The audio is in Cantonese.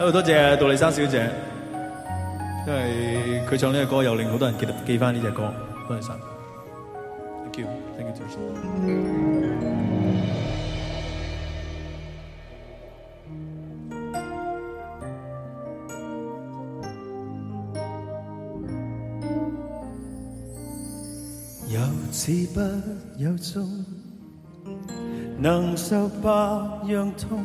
好多謝杜麗莎小姐，因為佢唱呢個歌，又令好多人記得記翻呢隻歌。多謝曬，Thank you，歡迎再次。有始不有終，能受百樣痛。